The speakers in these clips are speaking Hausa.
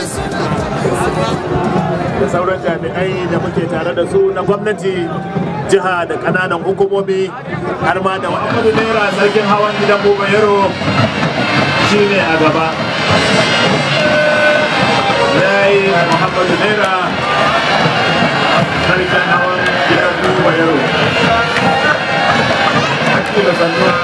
services da sauran jami'ai da muke tare da su na gwamnati jiha da kananan hukumomi har ma da wani naira sarkin hawan gidan bubayero shi ne a gaba yayi muhammadu naira sarkin hawan gidan bubayero yaro.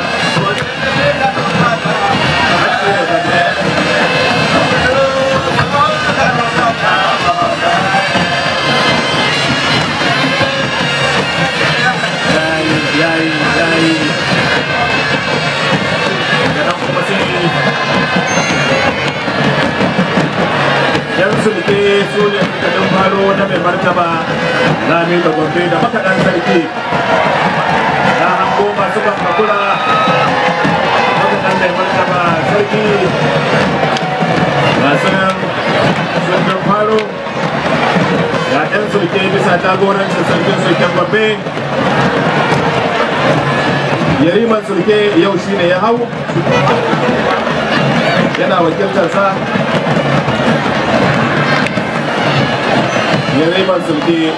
yan sulke su ne kadin faro na mai martaba rami da gombe da makaɗan sarki na hango masu bakakura makaɗan mai martaba sarki masu nan sulken faro ga yan sulke bisa jagorancin sarkin sulken gombe yariman sulke yau shine ya hau yana wakiltarsa Yariman Sulke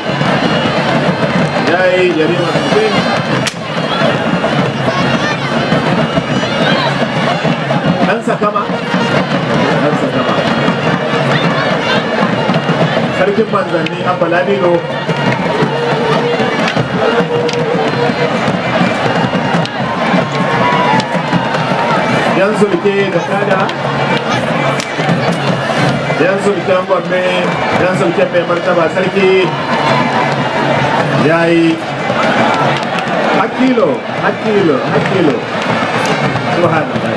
ya yi Yariman Sulke ɗan sakama ɗan sakama sarkin manzanni a balabino yan sulke da kada 연습장권매 연습장 매물다 마살기 야이 학기로 학기로 학기로 수한 학기로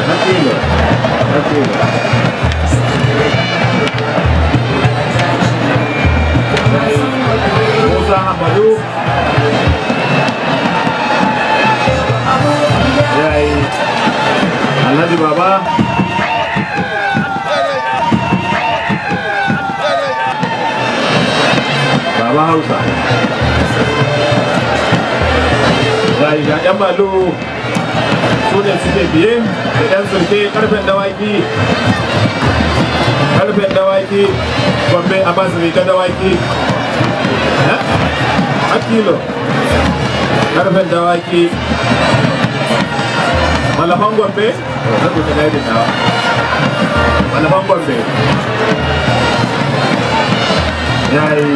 학기로 학기로 biye da ɗan tsirke karfen dawaki karfen dawaki gombe a basu riga dawaki eh? a kilo karfen dawaki malaman gombe na dawa malaman gombe yayi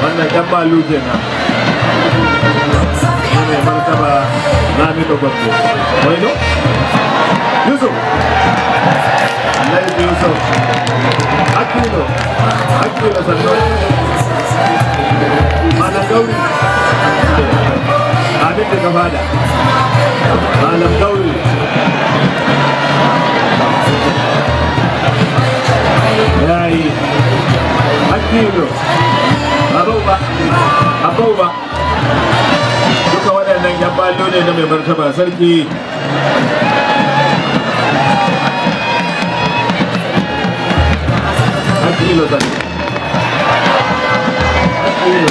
wannan ɗan balu kenan ne martaba nami to battu no, yusuf leydi yusuf Akino, hakkilo sanno malam gawri aminde gabaɗa malam gawri yayi hakkilo abauba abauba ne na mai martaba sarki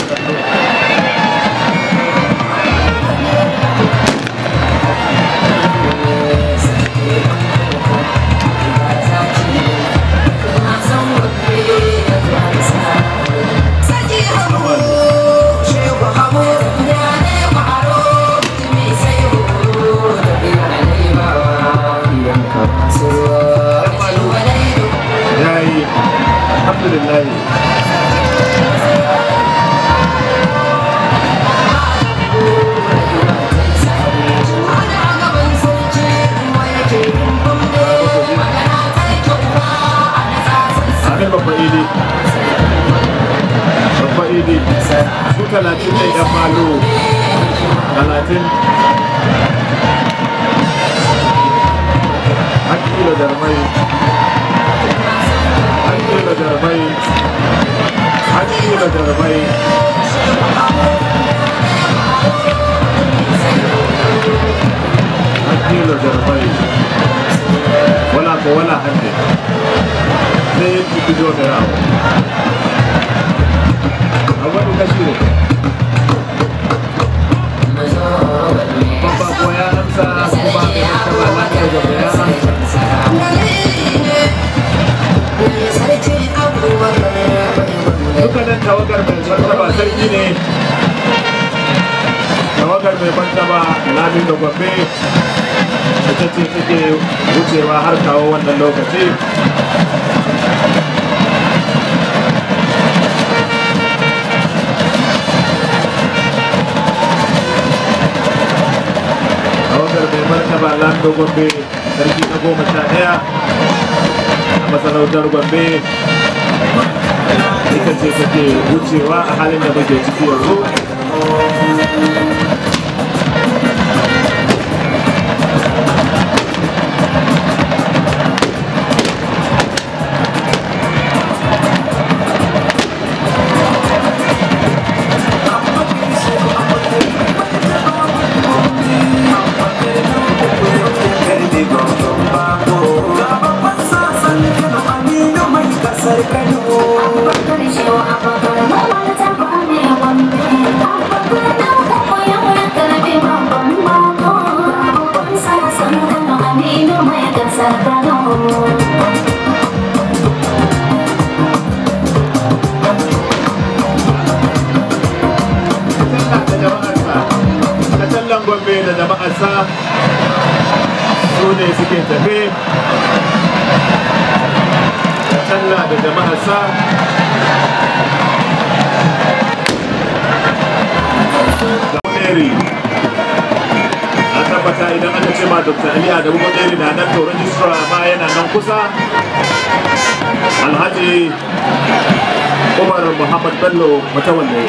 Thank Canada, Akilo Jarabai wala ko the hande ne yeddi ko jodirawo awadu kashiro baba ko ya amsa ko ba ya tawala ko ya dukkanin tawagar mai martaba sarki ne tawagar mai martaba lamin da gombe ita ce take wucewa har kawo wannan lokaci tawagar mai martaba lamin da gombe sarki na goma sha daya a masarautar gombe ita ce take wucewa a halin da muke ciki yanzu da mary na tabbata idan aka ce ma dr aliya da mary na nan to registrar ma yana nan kusa alhaji umar muhammad bello matawalle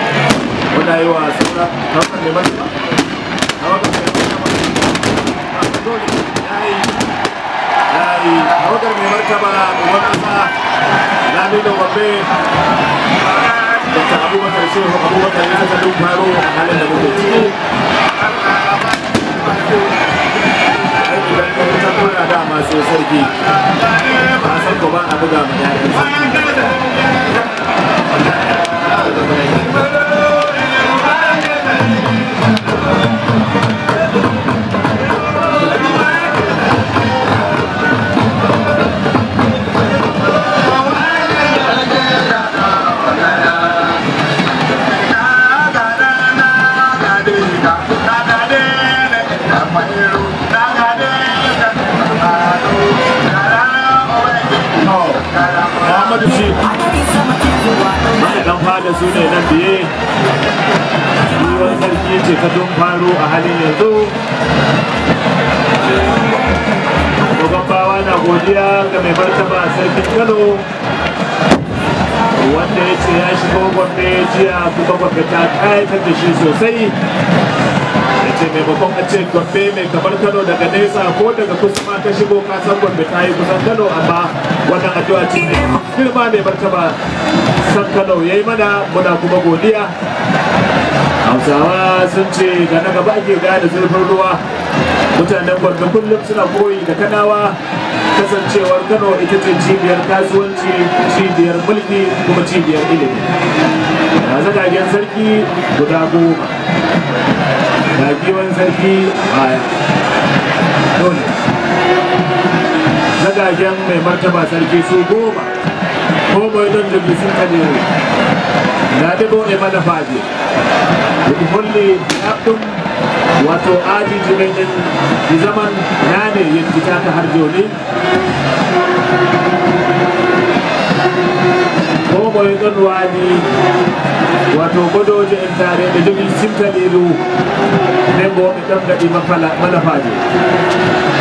wanda yi wa sauran hausar neman a wakar mai martaba ya yi a wakar mai martaba a mai wakasa lamido babbe da abubakar shehu saka duk faro a halin da muke ciki idan ka fita kuna dama sai sarki ba san ko ba buga Bauchi mai dan fada su ne nan biye ruwan sarki ce ka tun faro a halin yanzu Gwagwabawa na godiya ga mai martaba sarkin Kano wanda ya ce ya shigo gwamne jiya kuma gwamne ta kayatar da shi sosai ya ce maimakon a ce gwamne mai kamar kano daga nesa ko daga kusa ma ta shigo kasan gwamne ta yi kusan kano amma wannan addu'a ce ne girma mai martaba sankanau ya yi mana muna kuma godiya hausawa sun ce da na gaba ake da zurfin ruwa mutanen gwamnati kullum suna koyi da kanawa kasancewar kano ita ce cibiyar kasuwanci cibiyar mulki kuma cibiyar ilimi Na zagagen sarki guda goma da giwon sarki baya dole zagagen mai martaba sarki su goma don koyɗon lebbi kadi laaɓe ɗo e manafaji woɗi holli ɗaɓɗum wato aji aadiji meɗen ɗi zaman naane yettitaka har joni ko ɓoye don waani to godojo en taare ɓe jogii simtaniru Ne bo ɓe ɗamɗaɗi malafaji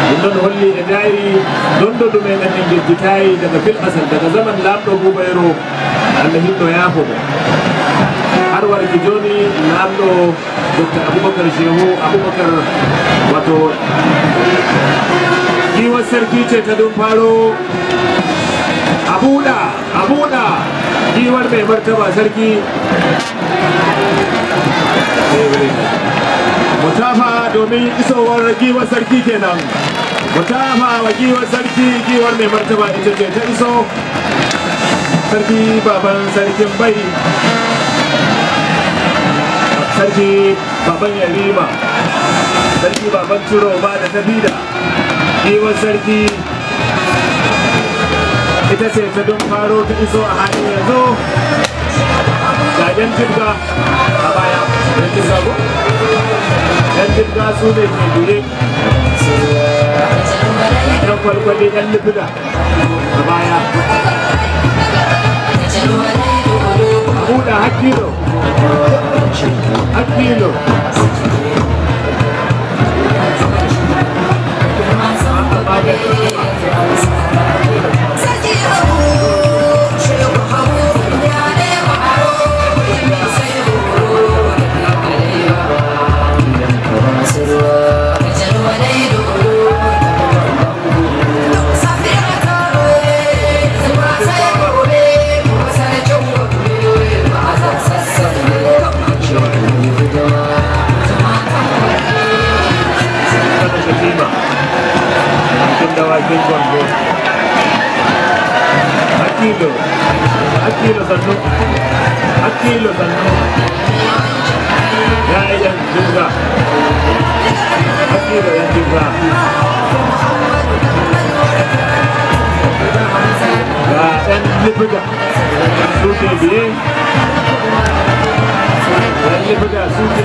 ɗum noon holli e don do ɗumen na en jejjitayi daga fil asal daga zaman lamɗo bayro allah ya yaafomo har warki joni lamɗo dr abubakar shehu abubakar wato sarki ce ta ɗum faro abuda abuda giwar mai martaba sarki mutafa domin isowar giwar sarki kenan mutafa wa giwar sarki giwar mai martaba ita ce ta iso sarki baban sarkin bai sarki baban yarima sarki baban turo ba da tabida giwar sarki ita ce ta don faro ta iso a halin yanzu ga yan jirga a baya yan jirga ko yan jirga su ne ke jure yan kwalkwale yan libida a baya buɗa hakilo hakilo Tranquilo. Tranquilo, Sanu. Tranquilo, Sanu. Yeah, yeah, juzga. Tranquilo, ella Yeah, Ya, en libertad. Sute bien. En libertad, sute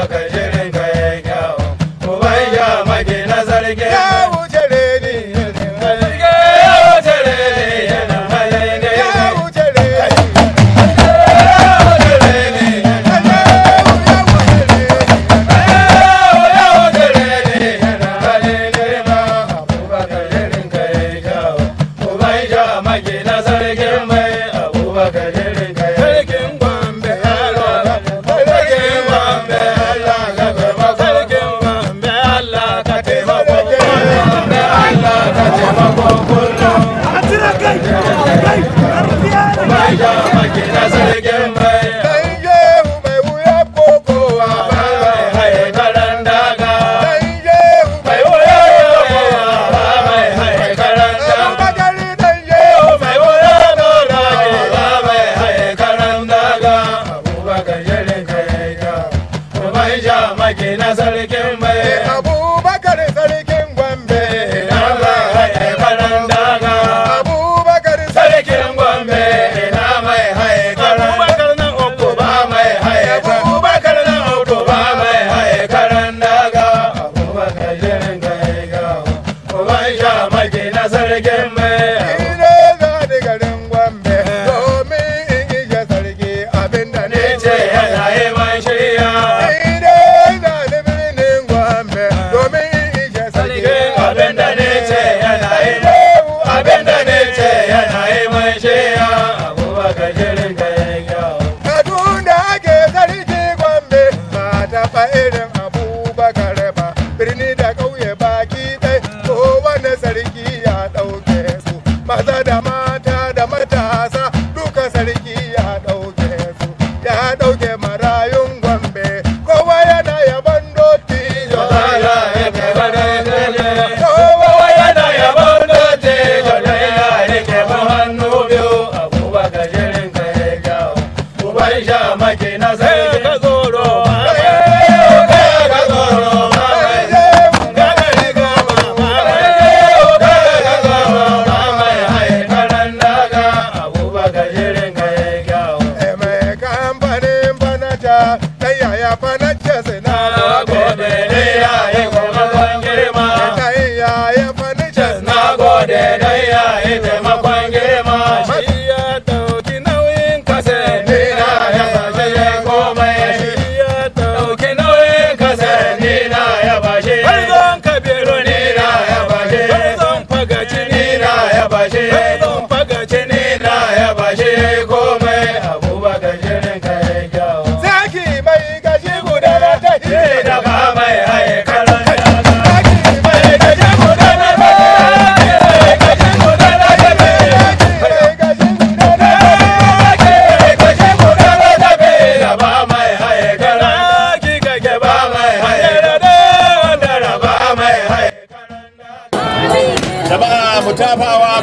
Macarena.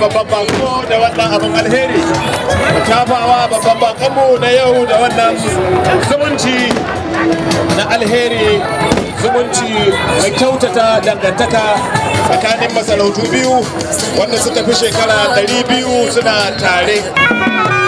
babban bako da wannan abin alheri shafawa babban bakonmu na yau da wannan zumunci na alheri zumunci mai kyautata dangantaka tsakanin masarautu biyu wanda suka fi shekara 200 suna tare